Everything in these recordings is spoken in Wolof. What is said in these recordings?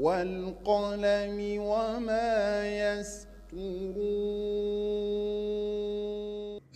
والقلم وما يسطرون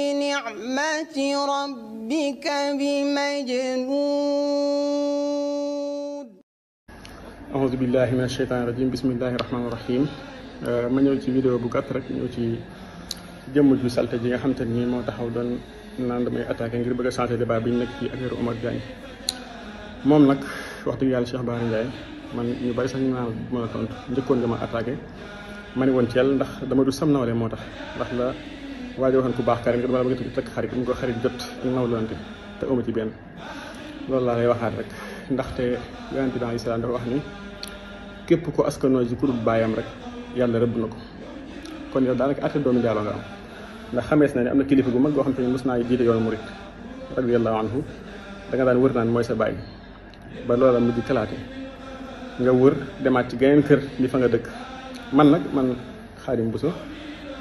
بنعمة ربك بمجنون أعوذ بالله من الشيطان الرجيم بسم الله الرحمن الرحيم ma ñëw ci vidéo bu gàtt rek ñëw ci jëmm ju salte ji nga xam te mii moo taxaw doon naan damay attaqué ngir bëgg a changé débat bi ñu nekk fii affaire Omar Diagne moom nag wax dëgg yàlla Cheikh Bara Ndiaye man ñu bari sax ñu naan ma tontu njëkkoon nga ma attaqué ma ne woon ci ndax dama du sam nawle moo tax ndax la waaye waxoon ku baax karim dama ko jot ñu naw te amu ci benn loolu laa lay waxaat rek ndaxte yonente bi alayhi wax ni képp ko askanoo ji ku dul baayam rek yàlla rëbb na ko kon yow daanaka atte doomi jaaloo nga am ne am na kilifa gu mag goo xam te ne mos naa jiite yoonu murit radiyallahu anhu da nga daan wër naan mooy sa baay ba loola mujj kalaate nga wër demaat ci geneen kër li fa nga dëkk man nag man Xaadim Buso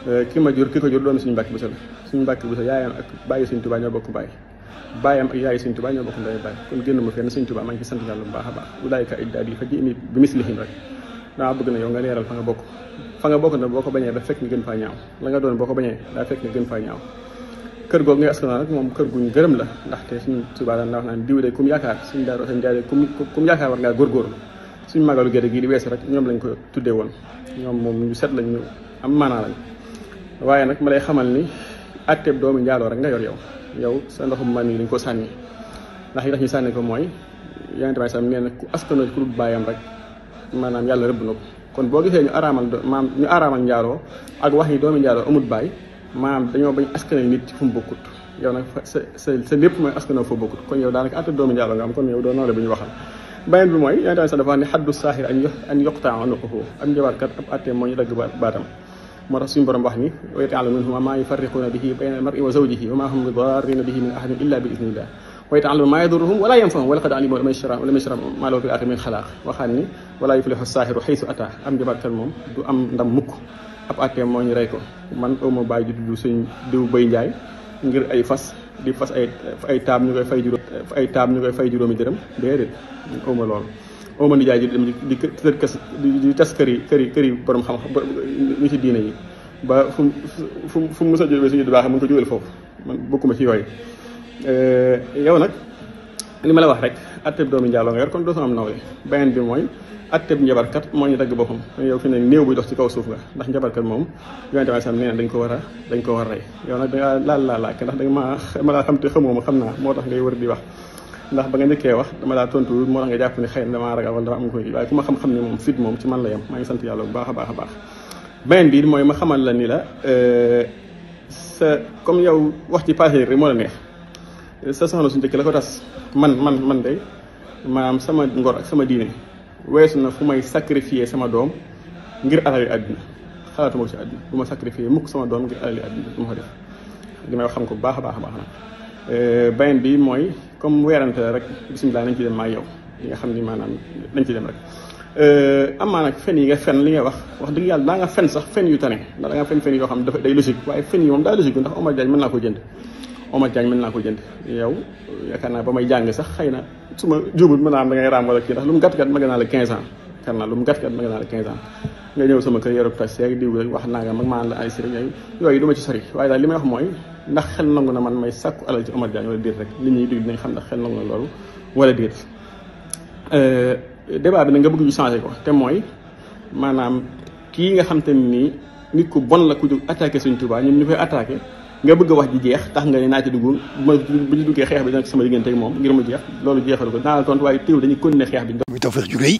Eh, ki ma jur ki ko jur doomi suñu mbàkk bu sa la suñu mbàkk bu sa yaayam ak bàyyi suñ tubaa ñoo bokk bàyyi bàyyam ak yaayi suñ ma fenn suñ tubaa maa ngi sant yàlla bu baax a bokk fa nga boo ko bañee da fekk nga gën faa ñaaw la nga ko bañee daa fekk nga gën faa ñaaw kër googu ngay askanoo nag moom la ndaxte suñ tubaa daan wax naan diw de kum yaakaar suñ daar sañ jaare kum kum yaakaar war ngaa góorgóorlu suñ magalu gerte rek ñoom lañ ko tuddee woon ñoom moom ñu set lañ ñu am maanaa lañ waaye nag ma lay xamal ni àtteeb doomu njaaloo rek nga yor yow yow sa ndoxum man yi dañ ko sànni ndax yi tax ñu sànni ko mooy yaa ngi sam nee na ku askano ku dul bàyyam rek maanaam na ko kon boo gisee ñu araamal maam ñu araamal njaaloo ak wax yi doomu njaaloo amut bàyyi maanaam dañoo bañ askano nit ci fu mu bokkut yow nag sa sa sa lépp mooy askano wax ne xaddu saaxir an yoqtaan nuquhu am njabaatkat ab àtteem moo ñu dagg baatam moo tax suñu borom wax ni wa yata'allamuna minhuma ma yufarriquna bihi bayna al-mar'i wa zawjihi wa ma hum bi darrina bihi min ahadin illa bi idhnillah wa yata'allamuna ma yadurruhum wala yanfa'uhum wa laqad alimu liman ishtarahu ma lahu fil akhirati min khalaq waxaan ni wala yuflihu as-sahiru haythu ata am jabartal moom du am ndam mukk ab atte moo ñu rey ko man awma bàyyi ju dudd suñ diw bay njaay ngir ay fas di fas ay ay taam ñu koy fay juróom ay taam ñu koy fay juróomi dërëm déedéet awma loolu moo mën di jaay di dem di kër kas di tas kër yi kër yi kër yi borom xam-xam ñu ci diine yi ba fu mu fu mu fu mu mos a jógee suñu baaxee mën ko jógal foofu man bokkuma ci yooyu. Eh, yow nag li ma la wax rek atteb doomi njaaloo nga yor kon dootoo am nawle beneen bi mooy atteb njabarkat moo ñu dagg boppam yow fi ne néew buy dox ci kaw suuf nga ndax njabarkat moom yonente bi sam nee na dañ ko war a dañ ko war a rey yow nag dangaa laal laa laak ndax danga ma ma laa xam te xamoo ma xam naa moo tax ngay wër di wax ndax ba nga njëkkee wax dama laa tontu moo tax nga jàpp ne xëy na damaa ragal wala dama am ko waaye ku ma xam-xam ne moom fit moom ci man la yem maa ngi sant a baax a baax beneen bi mooy ma xamal la ni la euh, sa comme yow wax ci passé rek moo la neex sa soxna suñu njëkk la ko tas man man man de maanaam sama ngor ak sama diine weesu na fu may sacrifier sama doom ngir alali àdduna xalaatuma ko ci àdduna bu ma sacrifier mukk sama doom ngir alali àdduna du ma ko def li may wax xam ko bu baax a baax a baax euh, beneen bi mooy comme weerante la rek bisimilah nañ ci dem maa yow li nga xam ni maanaam nañ ci dem rek euh, am maa nag fen yi nga fen li nga wax wax dëgg yàlla daa nga fen sax fen yu tane ndax da nga fen fen yoo xam ne dafa day logique waaye fen yi moom daa logique ndax Omar Diagne mën naa ko jënd Omar Diagne mën naa ko jënd yow yaakaar naa ba may jàng sax xëy na su ma jubul mën naa da ngay raam wala kii ndax lu mu gàtt gàtt mag naa la 15 ans yaakaar naa lu mu gàtt gàtt mag naa nga ñëw sama kër yorub tax seeg diw rek wax nanga mag maan la ay sëriñ yooyu yooyu du ma ci sori waaye daal li may wax mooy ndax xel nangu na man may sàkku alal ci Omar Diagne wala déet rek li ñuy déglu dinañ xam ndax xel nangu na euh, nga bëgg ñu changé ko te mooy maanaam kii nga xam te nii nit ku bon la ku jóg attaqué Sëriñ Tuubaa ñun ñu koy attaqué nga bëgg wax ji jeex tax nga ne naa ci dugg ma bu ñu duggee xeex bi dina sama diggante ak moom ngir mu jeex loolu jeexalu ko daanaka tontu waaye teew dañuy continuer xeex bi. muy Tawfekh ju rëy